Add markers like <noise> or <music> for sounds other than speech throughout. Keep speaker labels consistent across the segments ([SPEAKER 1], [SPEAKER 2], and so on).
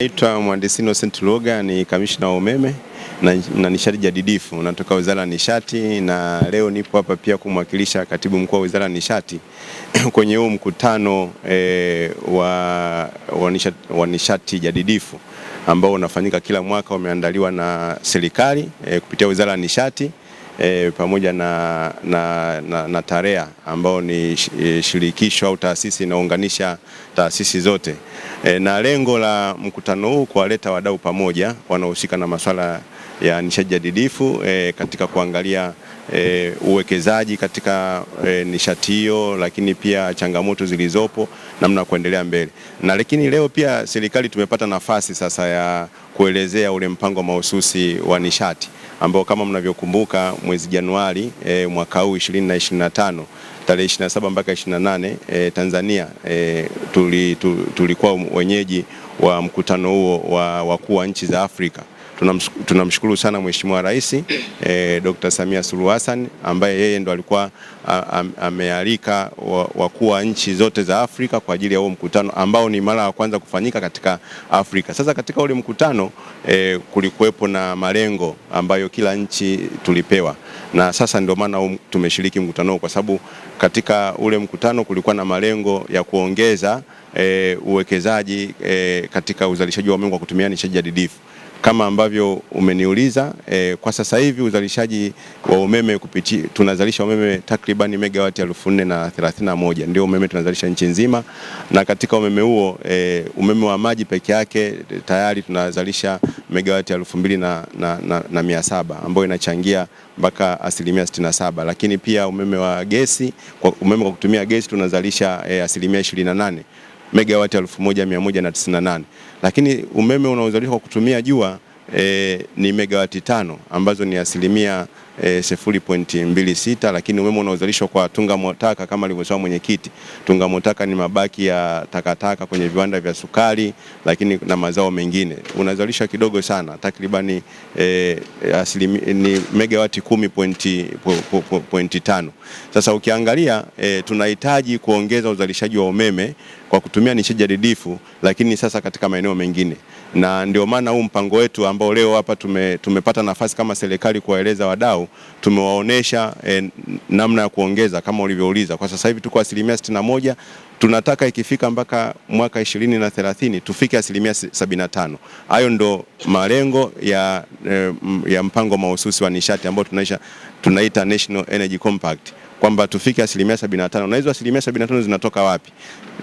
[SPEAKER 1] Naitwa Mhandisi Innocent luga ni kamishna wa umeme na, na nishati jadidifu, natoka Wizara ya Nishati na leo nipo hapa pia kumwakilisha Katibu Mkuu wa Wizara ya Nishati <clears throat> kwenye huu mkutano e, wa, wa, nishati, wa nishati jadidifu ambao unafanyika kila mwaka, umeandaliwa na serikali e, kupitia Wizara ya Nishati e, pamoja na, na, na, na TAREA ambao ni e, shirikisho au taasisi inaunganisha taasisi zote e, na lengo la mkutano huu kuwaleta wadau pamoja wanaohusika na masuala ya nishati jadidifu e, katika kuangalia e, uwekezaji katika e, nishati hiyo, lakini pia changamoto zilizopo, namna kuendelea mbele. Na lakini leo pia serikali tumepata nafasi sasa ya kuelezea ule mpango mahususi wa nishati ambao kama mnavyokumbuka mwezi Januari e, mwaka huu 2025 tarehe 27 mpaka 28 e, eh, Tanzania e, tulikuwa tuli wenyeji wa mkutano huo wa wakuu wa nchi za Afrika. Tunamshukuru sana Mheshimiwa Rais eh, Dr. Samia Suluhu Hassan ambaye yeye ndo alikuwa amealika wakuu wa nchi zote za Afrika kwa ajili ya huo mkutano ambao ni mara ya kwanza kufanyika katika Afrika. Sasa katika ule mkutano eh, kulikuwepo na malengo ambayo kila nchi tulipewa, na sasa ndio maana tumeshiriki mkutano huo, kwa sababu katika ule mkutano kulikuwa na malengo ya kuongeza E, uwekezaji e, katika uzalishaji wa umeme kwa kutumia nishati jadidifu. Kama ambavyo umeniuliza e, kwa sasa hivi uzalishaji wa umeme kupiti, tunazalisha umeme takribani megawati elfu nne na thelathini na moja ndio umeme tunazalisha nchi nzima, na katika umeme huo e, umeme wa maji peke yake eh, tayari tunazalisha megawati elfu mbili na, na, na, na mia saba ambayo inachangia mpaka asilimia 67, lakini pia umeme wa gesi, umeme kwa kutumia gesi tunazalisha e, asilimia 28 megawati 1198 lakini umeme unaozalishwa kwa kutumia jua e, ni megawati tano ambazo ni asilimia e, 0.26, lakini umeme unaozalishwa kwa tungamotaka kama alivyosema mwenyekiti, tungamotaka ni mabaki ya takataka kwenye viwanda vya sukari, lakini na mazao mengine unazalisha kidogo sana, takribani e, ni megawati 10.5. Sasa ukiangalia e, tunahitaji kuongeza uzalishaji wa umeme kwa kutumia nishati jadidifu, lakini sasa katika maeneo mengine, na ndio maana huu mpango wetu ambao leo hapa tume, tumepata nafasi kama serikali kuwaeleza wadau, tumewaonesha e, namna ya kuongeza kama ulivyouliza. Kwa sasa hivi tuko asilimia sitini na moja tunataka ikifika mpaka mwaka ishirini na thelathini tufike asilimia sabini na tano. Hayo ndo malengo ya, eh, ya mpango mahususi wa nishati ambao tunaita National Energy Compact kwamba tufike asilimia 75 na hizo asilimia 75 zinatoka wapi?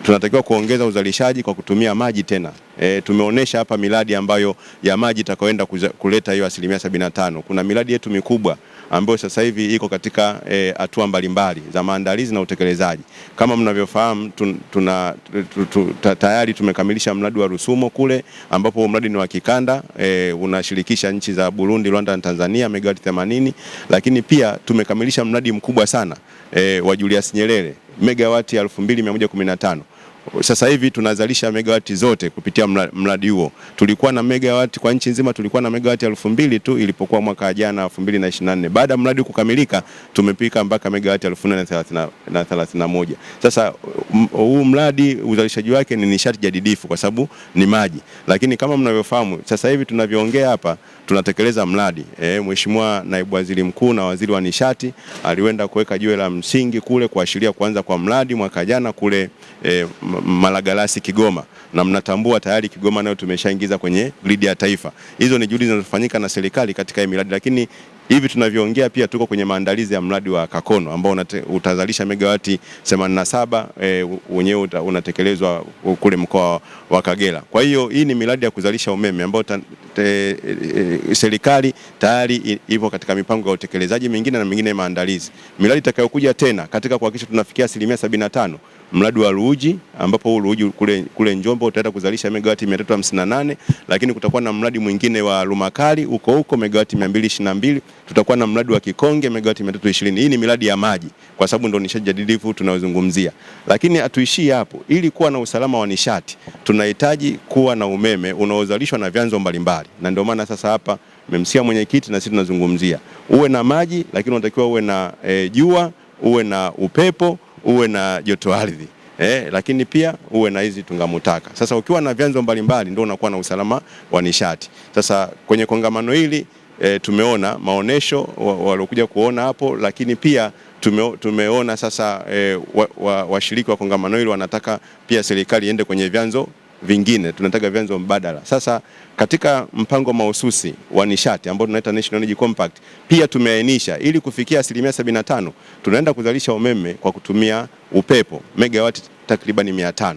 [SPEAKER 1] Tunatakiwa kuongeza uzalishaji kwa kutumia maji tena. E, tumeonesha hapa miradi ambayo ya maji itakayoenda kuleta hiyo asilimia 75. Kuna miradi yetu mikubwa ambayo sasa hivi iko katika eh, hatua e, mbalimbali za maandalizi na utekelezaji. Kama mnavyofahamu tuna, tu, tayari tumekamilisha mradi wa Rusumo kule ambapo mradi ni wa kikanda e, unashirikisha nchi za Burundi, Rwanda na Tanzania megawati 80, lakini pia tumekamilisha mradi mkubwa sana e, wa Julius Nyerere megawati 2115 sasa hivi tunazalisha megawati zote kupitia mradi huo. Tulikuwa na megawati kwa nchi nzima, tulikuwa na megawati elfu mbili tu ilipokuwa mwaka jana 2024. Baada ya mradi kukamilika, tumepika mpaka megawati elfu nne na thelathini na moja. Sasa huu mradi uzalishaji wake ni nishati jadidifu kwa sababu ni maji, lakini kama mnavyofahamu sasa hivi tunavyoongea hapa tunatekeleza mradi e, Mheshimiwa Naibu Waziri Mkuu na Waziri wa Nishati aliwenda kuweka jiwe la msingi kule kuashiria kuanza kwa mradi mwaka jana kule e, Malagarasi Kigoma, na mnatambua tayari Kigoma nayo tumeshaingiza kwenye gridi ya taifa. Hizo ni juhudi zinazofanyika na serikali katika miradi, lakini hivi tunavyoongea pia tuko kwenye maandalizi ya mradi wa Kakono ambao utazalisha megawati 87 e, wenyewe unatekelezwa kule mkoa wa Kagera. Kwa hiyo hii ni miradi ya kuzalisha umeme ambayo ta, e, e, serikali tayari ipo katika mipango ya utekelezaji mingine na mingine maandalizi. Miradi itakayokuja tena katika kuhakikisha tunafikia asilimia 75 mradi wa Ruji ambapo huu Ruji kule, kule Njombe utaenda kuzalisha megawati 358, lakini kutakuwa na mradi mwingine wa Rumakali huko huko megawati 222, tutakuwa na mradi wa Kikonge megawati 320. Hii ni miradi ya maji kwa sababu ndio nishati jadidifu tunayozungumzia, lakini hatuishii hapo. Ili kuwa na usalama wa nishati tunahitaji kuwa na umeme unaozalishwa na vyanzo mbalimbali, na ndio maana sasa hapa memsikia mwenyekiti na sisi tunazungumzia uwe na maji, lakini unatakiwa uwe na e, jua uwe na upepo uwe na joto ardhi eh, lakini pia uwe na hizi tungamutaka. Sasa ukiwa na vyanzo mbalimbali ndio unakuwa na usalama wa nishati. Sasa kwenye kongamano hili E, tumeona maonesho waliokuja kuona hapo, lakini pia tume, tumeona sasa e, eh, washiriki wa, wa, wa kongamano hili wanataka pia serikali iende kwenye vyanzo vingine, tunataka vyanzo mbadala. Sasa katika mpango mahususi wa nishati ambao tunaita National Energy Compact, pia tumeainisha ili kufikia asilimia 75 tunaenda kuzalisha umeme kwa kutumia upepo megawati takribani 500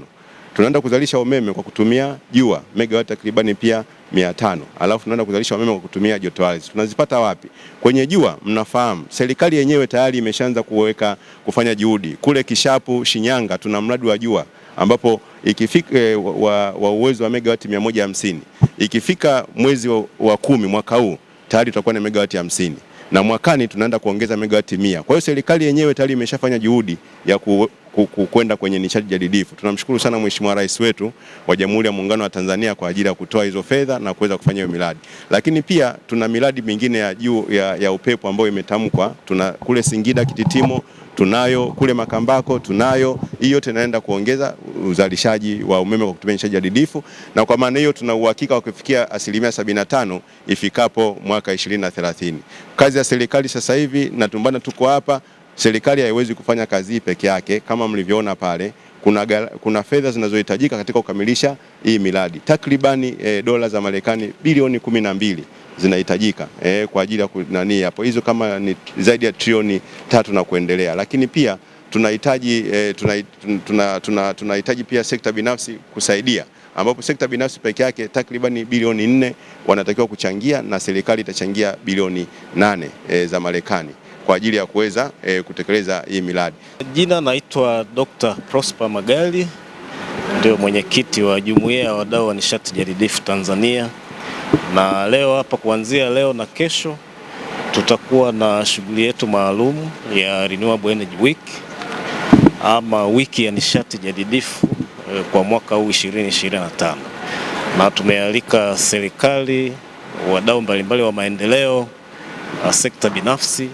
[SPEAKER 1] tunaenda kuzalisha umeme kwa kutumia jua megawati takribani pia mia tano alafu tunaenda kuzalisha umeme kwa kutumia joto ardhi. Tunazipata wapi? Kwenye jua, mnafahamu serikali yenyewe tayari imeshaanza kuweka kufanya juhudi kule Kishapu, Shinyanga, tuna mradi wa jua ambapo ikifika eh, wa, wa uwezo wa megawati hamsini ikifika mwezi wa, wa kumi mwaka huu tayari tutakuwa na megawati hamsini na mwakani tunaenda kuongeza megawati mia. Kwa hiyo serikali yenyewe tayari imeshafanya juhudi ya ku kwenda kwenye nishati jadidifu. Tunamshukuru sana Mheshimiwa Rais wetu wa Jamhuri ya Muungano wa Tanzania kwa ajili ya kutoa hizo fedha na kuweza kufanya hiyo miradi, lakini pia tuna miradi mingine ya juu ya, ya upepo ambayo imetamkwa. Tuna kule Singida Kititimo tunayo kule Makambako tunayo. Hiyo yote inaenda kuongeza uzalishaji wa umeme kwa kutumia nishati jadidifu, na kwa maana hiyo tuna uhakika wa kufikia asilimia 75 ifikapo mwaka 2030. Kazi ya serikali sasa hivi natumbana, tuko hapa serikali haiwezi kufanya kazi hii peke yake. Kama mlivyoona pale, kuna, kuna fedha zinazohitajika katika kukamilisha hii miradi takribani e, dola za Marekani bilioni kumi na mbili zinahitajika e, kwa ajili ya nani hapo, hizo kama ni zaidi ya trilioni tatu na kuendelea, lakini pia tunahitaji e, eh, tunahitaji tuna, tuna, tuna, tuna pia sekta binafsi kusaidia ambapo sekta binafsi peke yake takribani bilioni nne wanatakiwa kuchangia na serikali itachangia bilioni nane e, za Marekani kwa ajili ya kuweza e, kutekeleza hii miradi.
[SPEAKER 2] Jina naitwa Dr. Prosper Magali, ndio mwenyekiti wa Jumuiya ya Wadau wa Nishati Jadidifu Tanzania, na leo hapa, kuanzia leo na kesho, tutakuwa na shughuli yetu maalum ya Renewable Energy Week ama wiki ya nishati jadidifu eh, kwa mwaka huu 2025 na tumealika serikali, wadau mbalimbali wa maendeleo, sekta binafsi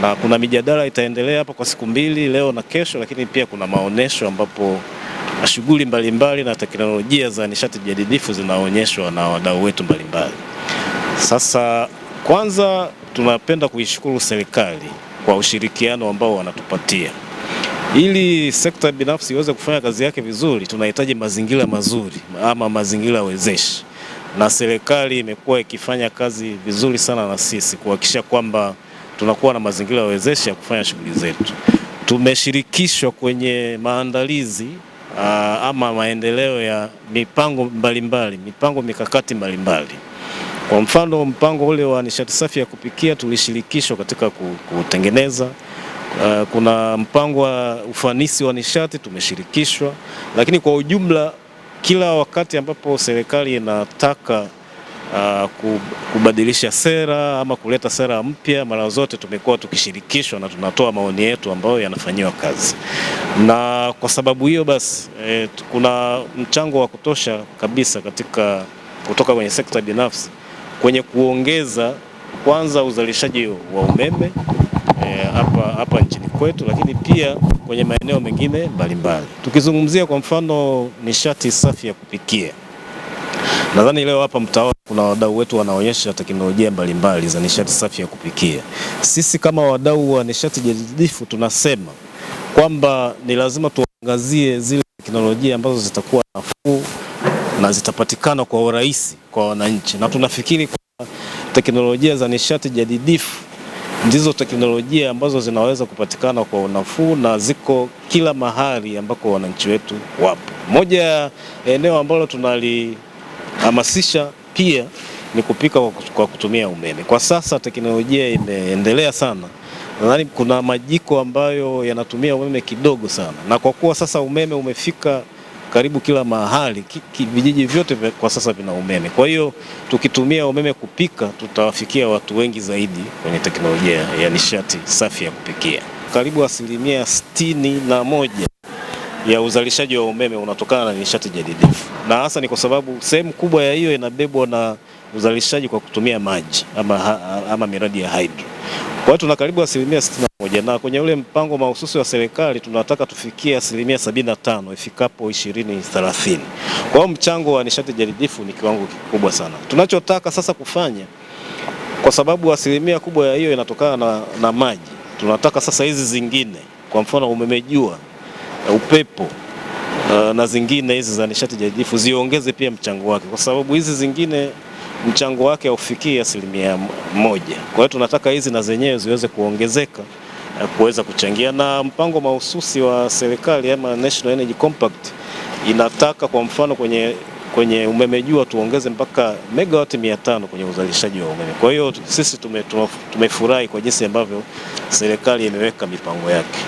[SPEAKER 2] na kuna mijadala itaendelea hapa kwa siku mbili, leo na kesho, lakini pia kuna maonyesho ambapo shughuli mbalimbali na teknolojia za nishati jadidifu zinaonyeshwa na wadau wetu mbalimbali. Sasa kwanza, tunapenda kuishukuru serikali kwa ushirikiano ambao wanatupatia ili sekta binafsi iweze kufanya kazi yake vizuri. Tunahitaji mazingira mazuri ama mazingira wezeshi, na serikali imekuwa ikifanya kazi vizuri sana na sisi kuhakikisha kwamba tunakuwa na mazingira ya wezeshi ya kufanya shughuli zetu. Tumeshirikishwa kwenye maandalizi aa, uh, ama maendeleo ya mipango mbalimbali, mipango mikakati mbalimbali. Kwa mfano mpango ule wa nishati safi ya kupikia tulishirikishwa katika kutengeneza Uh, kuna mpango wa ufanisi wa nishati tumeshirikishwa, lakini kwa ujumla, kila wakati ambapo serikali inataka uh, kubadilisha sera ama kuleta sera mpya, mara zote tumekuwa tukishirikishwa na tunatoa maoni yetu ambayo yanafanyiwa kazi, na kwa sababu hiyo basi eh, kuna mchango wa kutosha kabisa katika kutoka kwenye sekta binafsi kwenye kuongeza kwanza uzalishaji wa umeme eh, hapa e, hapa nchini kwetu, lakini pia kwenye maeneo mengine mbalimbali. Tukizungumzia kwa mfano nishati safi ya kupikia Nadhani leo hapa mtaona kuna wadau wetu wanaonyesha teknolojia mbalimbali za nishati safi ya kupikia. Sisi kama wadau wa nishati jadidifu tunasema kwamba ni lazima tuangazie zile teknolojia ambazo zitakuwa nafuu na zitapatikana kwa urahisi kwa wananchi, na tunafikiri kwa teknolojia za nishati jadidifu ndizo teknolojia ambazo zinaweza kupatikana kwa unafuu na ziko kila mahali ambako wananchi wetu wapo. Moja ya eneo ambalo tunali hamasisha pia ni kupika kwa kutumia umeme. Kwa sasa teknolojia imeendelea sana, nadhani kuna majiko ambayo yanatumia umeme kidogo sana, na kwa kuwa sasa umeme umefika karibu kila mahali, vijiji vyote kwa sasa vina umeme. Kwa hiyo tukitumia umeme kupika, tutawafikia watu wengi zaidi kwenye teknolojia ya nishati safi ya kupikia. Karibu asilimia sitini na moja ya uzalishaji wa umeme unatokana na nishati jadidifu, na hasa ni kwa sababu sehemu kubwa ya hiyo inabebwa na uzalishaji kwa kutumia maji ama, ama miradi ya hydro. Kwa hiyo tuna karibu asilimia na kwenye ule mpango mahususi wa serikali tunataka tufikie asilimia tano ifikapo 2030. Kwa hiyo mchango wa nishati jadidifu ni kiwango kikubwa sana. Tunachotaka sasa kufanya, kwa sababu asilimia kubwa ya hiyo inatokana na, na maji, tunataka sasa hizi zingine, kwa mfano umeme jua Eh, upepo uh, na zingine hizi za nishati jadidifu ziongeze pia mchango wake, kwa sababu hizi zingine mchango wake haufikii asilimia moja. Kwa hiyo tunataka hizi na zenyewe ziweze kuongezeka eh, kuweza kuchangia na mpango mahususi wa serikali ama National Energy Compact inataka kwa mfano kwenye, kwenye umeme jua tuongeze mpaka megawati 500 kwenye uzalishaji wa umeme. Kwa hiyo sisi tumefurahi tume, tume kwa jinsi ambavyo serikali imeweka mipango yake.